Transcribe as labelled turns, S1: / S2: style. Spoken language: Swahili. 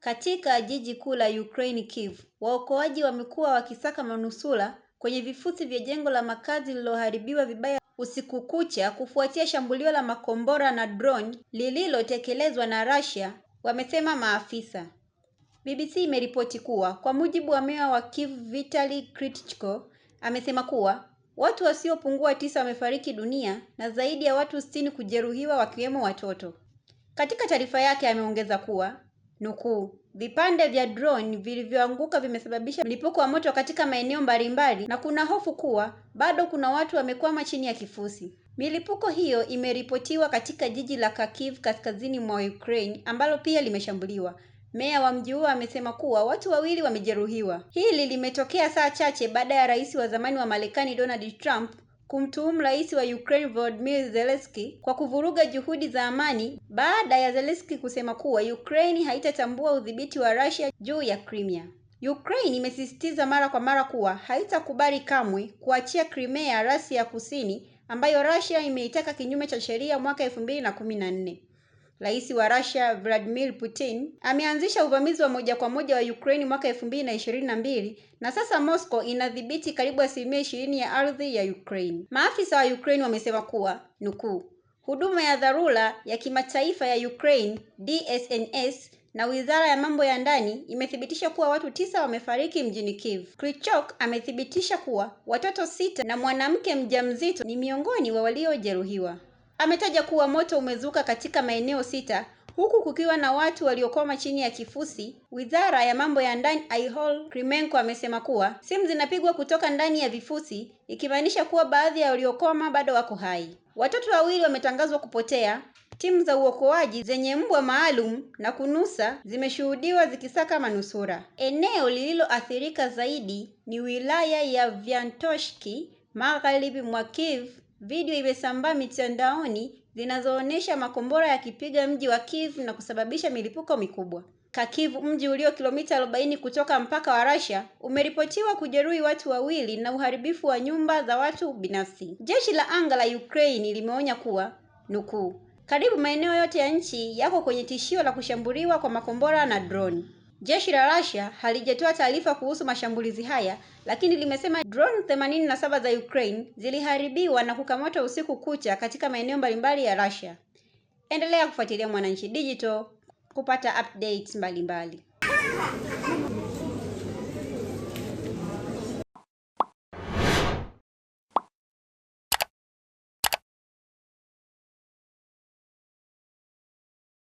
S1: Katika jiji kuu la Ukraine Kiev, waokoaji wamekuwa wakisaka manusura kwenye vifusi vya jengo la makazi lililoharibiwa vibaya usiku kucha kufuatia shambulio la makombora na drone lililotekelezwa na Russia, wamesema maafisa. BBC imeripoti kuwa kwa mujibu wa meya wa Kiev Vitali Klitschko amesema kuwa watu wasiopungua tisa wamefariki dunia na zaidi ya watu sitini kujeruhiwa wakiwemo watoto. Katika taarifa yake ameongeza kuwa Nukuu, vipande vya drone vilivyoanguka vimesababisha mlipuko wa moto katika maeneo mbalimbali na kuna hofu kuwa bado kuna watu wamekwama chini ya kifusi. Milipuko hiyo imeripotiwa katika jiji la Kharkiv kaskazini mwa Ukraine ambalo pia limeshambuliwa. Meya wa mji huo amesema kuwa watu wawili wamejeruhiwa. Hili limetokea saa chache baada ya rais wa zamani wa Marekani Donald Trump kumtuhumu rais wa Ukraine Volodymyr Zelensky kwa kuvuruga juhudi za amani baada ya Zelensky kusema kuwa Ukraine haitatambua udhibiti wa Russia juu ya Crimea. Ukraine imesisitiza mara kwa mara kuwa haitakubali kamwe kuachia Crimea rasi ya Kusini ambayo Russia imeitaka kinyume cha sheria mwaka elfu mbili na kumi na nne. Rais wa Russia Vladimir Putin ameanzisha uvamizi wa moja kwa moja wa Ukraine mwaka elfu mbili na ishirini na mbili na sasa Moscow inadhibiti karibu asilimia ishirini ya ardhi ya Ukraine. Maafisa wa Ukraine wamesema kuwa nukuu, huduma ya dharura ya kimataifa ya Ukraine DSNS na Wizara ya Mambo ya Ndani imethibitisha kuwa watu tisa wamefariki mjini Kiev. krichok amethibitisha kuwa watoto sita na mwanamke mjamzito ni miongoni wa waliojeruhiwa. Ametaja kuwa moto umezuka katika maeneo sita huku kukiwa na watu waliokoma chini ya kifusi. Wizara ya mambo ya ndani Ihol krimenko amesema kuwa simu zinapigwa kutoka ndani ya vifusi, ikimaanisha kuwa baadhi ya waliokoma bado wako hai. Watoto wawili wametangazwa kupotea. Timu za uokoaji zenye mbwa maalum na kunusa zimeshuhudiwa zikisaka manusura. Eneo lililoathirika zaidi ni wilaya ya Vyantoshki magharibi mwa Kiev Video imesambaa mitandaoni zinazoonyesha makombora yakipiga mji wa Kiev na kusababisha milipuko mikubwa. Kharkiv, mji ulio kilomita 40 kutoka mpaka wa Russia, umeripotiwa kujeruhi watu wawili na uharibifu wa nyumba za watu binafsi. Jeshi la anga la Ukraine limeonya kuwa nukuu, karibu maeneo yote ya nchi yako kwenye tishio la kushambuliwa kwa makombora na droni. Jeshi la Russia halijatoa taarifa kuhusu mashambulizi haya, lakini limesema drone 87 za Ukraine ziliharibiwa na kukamatwa usiku kucha katika maeneo mbalimbali ya Russia. Endelea kufuatilia Mwananchi Digital kupata updates mbalimbali mbali.